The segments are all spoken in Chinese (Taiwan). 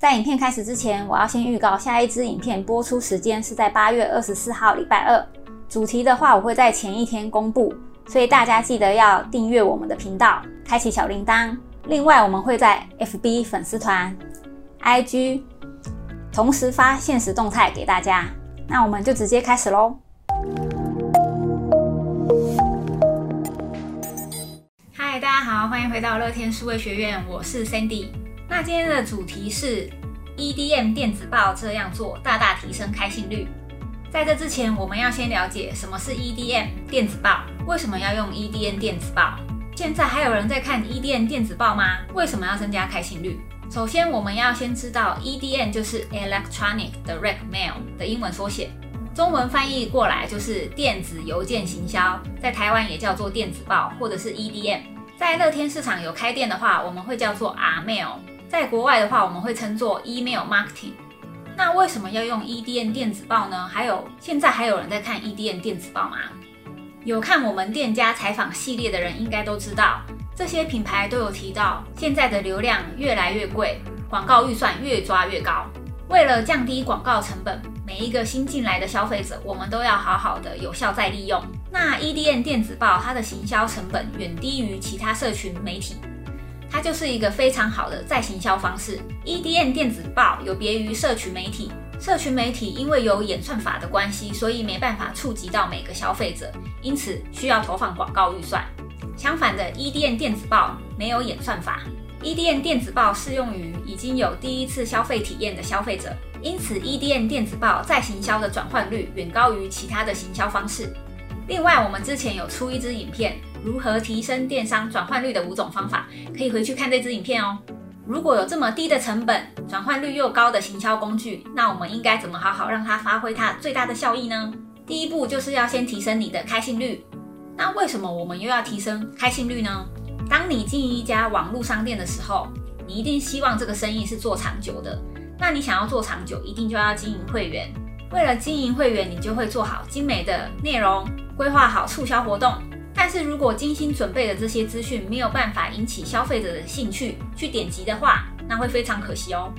在影片開始之前，我要先預告下一支影片播出時間是在八月二十四號，禮拜二。主題的話，我會在前一天公布，所以大家記得要訂閱我們的頻道，開啟小鈴鐺。另外，我們會在 FB 粉絲團、IG 同時發現實動態給大家。那我們就直接開始嘍！嗨，大家好，歡迎回到樂天數位學院，我是 Sandy。那今天的主題是 EDM 電子報這樣做，大大提升開信率。在這之前，我們要先了解什麼是 EDM 電子報，為什麼要用 EDM 電子報？現在還有人在看 EDM 電子報嗎？為什麼要增加開信率？首先，我們要先知道 EDM 就是 Electronic Direct Mail 的英文縮寫，中文翻譯過來就是電子郵件行銷，在台灣也叫做電子報或者是 EDM，在樂天市場有開店的話，我們會叫做 R-Mail。在國外的話，我們會稱作 Email Marketing。那為什麼要用 EDM 電子報呢？還有，現在還有人在看 EDM 電子報嗎？有看我們店家採訪系列的人應該都知道，這些品牌都有提到，現在的流量越來越貴，廣告預算越抓越高。為了降低廣告成本，每一個新進來的消費者，我們都要好好的有效再利用。那 EDM 電子報它的行銷成本遠低於其他社群媒體。它就是一個非常好的再行銷方式。EDM 電子報有別於社群媒體，社群媒體因為有演算法的關係，所以沒辦法觸及到每個消費者，因此需要投放廣告預算。相反的，EDM 電子報沒有演算法，EDM 電子報適用於已經有第一次消費體驗的消費者，因此 EDM 電子報再行銷的轉換率遠高於其他的行銷方式。另外，我們之前有出一支影片。如何提升電商轉換率的五種方法，可以回去看這支影片哦。如果有這麼低的成本、轉換率又高的行銷工具，那我們應該怎麼好好讓它發揮它最大的效益呢？第一步就是要先提升你的開信率。那為什麼我們又要提升開信率呢？當你經營一家網路商店的時候，你一定希望這個生意是做長久的。那你想要做長久，一定就要經營會員。為了經營會員，你就會做好精美的內容，規劃好促銷活動。但是如果精心準備的這些資訊沒有辦法引起消費者的興趣去點擊的話，那會非常可惜哦。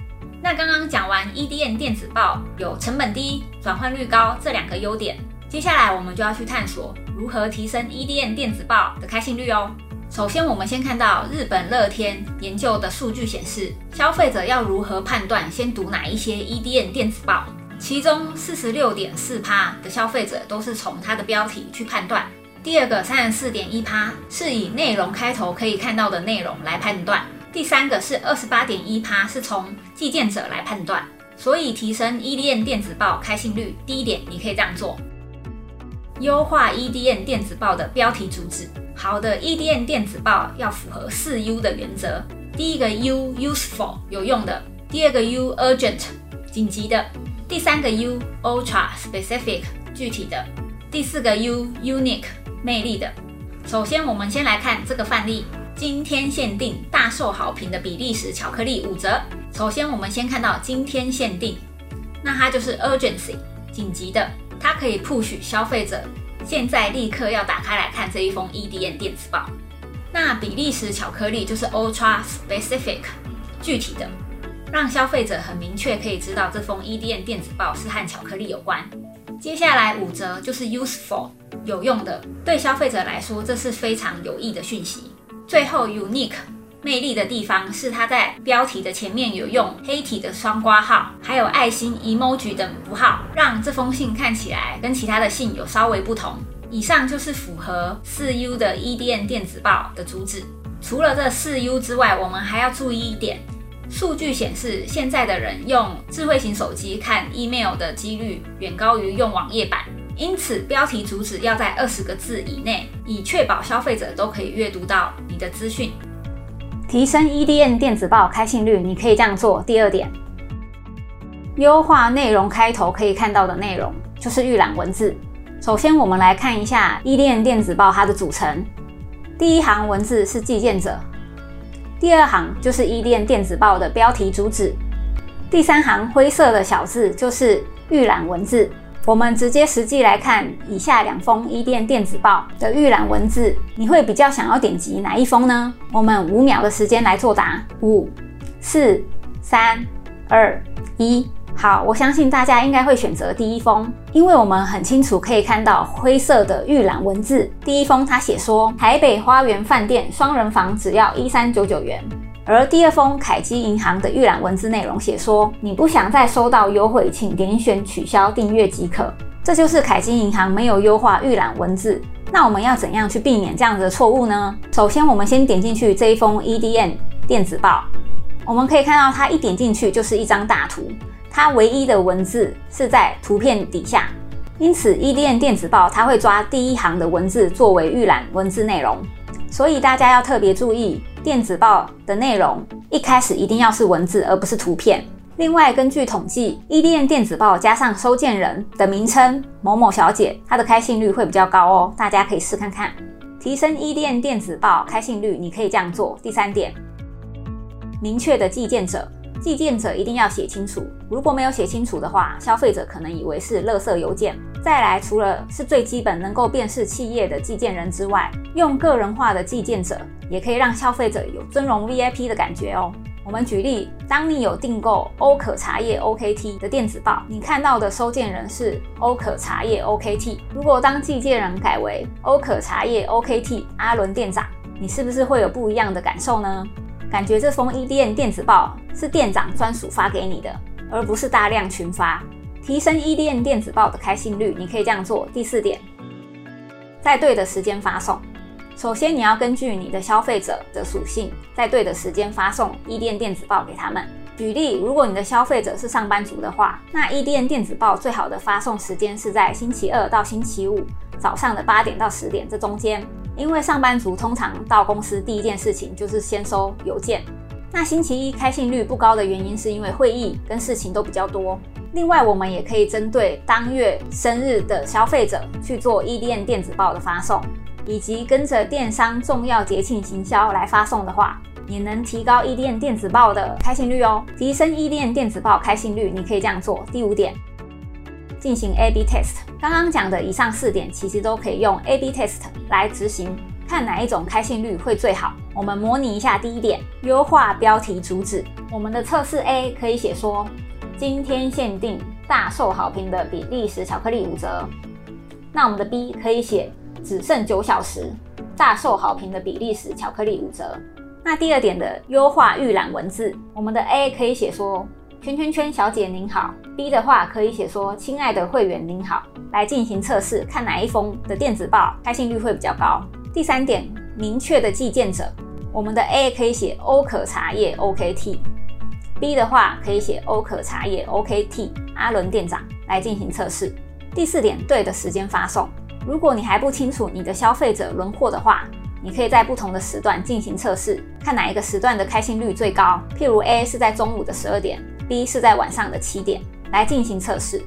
那剛剛講完 EDM 電子報有成本低、轉換率高這兩個優點，接下來我們就要去探索如何提升 EDM 電子報的開信率哦。首先，我們先看到日本樂天研究的數據顯示，消費者要如何判斷先讀哪一些 EDM 電子報，其中四十六點四趴的消費者都是從它的標題去判斷。第二個三十四點一趴是以內容開頭可以看到的內容來判斷，第三個是二十八點一趴是從寄件者來判斷。所以提升 EDM 電子報開信率，第一點你可以這樣做：優化 EDM 電子報的標題主旨。好的 EDM 電子報要符合四 U 的原則：第一個 U Useful 有用的，第二個 U Urgent 緊急的，第三個 U Ultra Specific 具體的，第四個 U Unique。魅力的。首先，我們先來看這個範例：今天限定，大受好評的比利時巧克力五折。首先，我們先看到“今天限定”，那它就是 urgency 緊急的，它可以 push 消費者現在立刻要打開來看這一封 EDM 電子報。那比利時巧克力就是 ultra specific 具體的，讓消費者很明確可以知道這封 EDM 電子報是和巧克力有關。接下來五折就是 useful 有用的，對消費者來說，這是非常有益的訊息。最後 unique 魅力的地方是它在標題的前面有用黑體的雙括號，還有愛心 emoji 等符號，讓這封信看起來跟其他的信有稍微不同。以上就是符合四 U 的 EDM 電子報的主旨。除了這四 U 之外，我們還要注意一點。數據顯示，現在的人用智慧型手機看 email 的幾率遠高於用網頁版，因此標題主旨要在二十個字以內，以確保消費者都可以閱讀到你的資訊。提升 EDM 電子報開信率，你可以這樣做。第二點，優化內容開頭可以看到的內容，就是預覽文字。首先，我們來看一下 EDM 電子報它的組成。第一行文字是寄件者。第二行就是 EDM 電子報的標題主旨，第三行灰色的小字就是預覽文字。我們直接實際來看以下兩封 EDM 電子報的預覽文字，你會比較想要點擊哪一封呢？我們五秒的時間來作答：五、四、三、二、一。好，我相信大家應該會選擇第一封，因為我們很清楚可以看到灰色的預覽文字。第一封他寫說，台北花園飯店雙人房只要一三九九元。而第二封凱基銀行的預覽文字內容寫說，你不想再收到優惠，請點選取消訂閱即可。這就是凱基銀行沒有優化預覽文字。那我們要怎樣去避免這樣的錯誤呢？首先，我們先點進去這一封 EDM 電子報，我們可以看到它一點進去就是一張大圖。它唯一的文字是在圖片底下，因此 EDM 電子報它會抓第一行的文字作為預覽文字內容，所以大家要特別注意電子報的內容一開始一定要是文字而不是圖片。另外，根據統計，EDM 電子報加上收件人的名稱某某小姐，她的開信率會比較高哦，大家可以試看看。提升 EDM 電子報開信率，你可以這樣做：第三點，明確的寄件者。寄件者一定要寫清楚，如果沒有寫清楚的話，消費者可能以為是垃圾郵件。再來，除了是最基本能夠辨識企業的寄件人之外，用個人化的寄件者，也可以讓消費者有尊榮 VIP 的感覺哦。我們舉例，當你有訂購歐可茶葉 OK TEA 的電子報，你看到的收件人是歐可茶葉 OK TEA。如果當寄件人改為歐可茶葉 OK TEA，阿倫店長，你是不是會有不一樣的感受呢？感覺這封 EDM 電子報是店長專屬發給你的，而不是大量群發。提升 EDM 電子報的開信率，你可以這樣做：第四點，在對的時間發送。首先，你要根據你的消費者的屬性，在對的時間發送 EDM 電子報給他們。舉例，如果你的消費者是上班族的話，那 EDM 電子報最好的發送時間是在星期二到星期五早上的八點到十點這中間。因為上班族通常到公司第一件事情就是先收郵件，那星期一開信率不高的原因是因為會議跟事情都比較多。另外，我們也可以針對當月生日的消費者去做 EDM 電子報的發送，以及跟着電商重要節慶行銷來發送的話，也能提高 EDM 電子報的開信率哦。提升 EDM 電子報開信率，你可以這樣做。第五點。進行 A/B test。剛剛講的以上四點，其實都可以用 A/B test 來執行，看哪一種開信率會最好。我們模擬一下第一點，優化標題主旨。我們的測試 A 可以寫說：今天限定大受好評的比利時巧克力五折。那我們的 B 可以寫：只剩九小時，大受好評的比利時巧克力五折。那第二點的優化預覽文字，我們的 A 可以寫說。圈圈圈小姐您好，B 的話可以寫說親愛的會員您好，來進行測試，看哪一封的電子報開信率會比較高。第三點，明確的寄件者，我們的 A 可以寫歐可茶葉 OK TEA，B、OK、的話可以寫歐可茶葉 OK TEA、OK、阿倫店長來進行測試。第四點，對的時間發送。如果你還不清楚你的消費者輪廓的話，你可以在不同的時段進行測試，看哪一個時段的開信率最高。譬如 A 是在中午的十二點。B 是在晚上的七點來進行測試，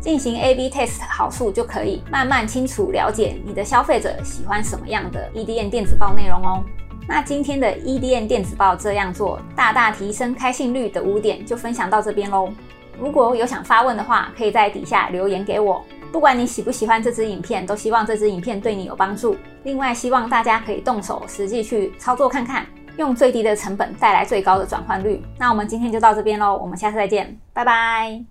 進行 A/B test 好處就可以慢慢清楚了解你的消費者喜歡什麼樣的 EDM 電子報內容哦。那今天的 EDM 電子報這樣做，大大提升開信率的五點就分享到這邊嘍。如果有想發問的話，可以在底下留言給我。不管你喜不喜歡這支影片，都希望這支影片對你有幫助。另外，希望大家可以動手實際去操作看看。用最低的成本帶來最高的轉換率。那我們今天就到這邊嘍，我們下次再見，拜拜。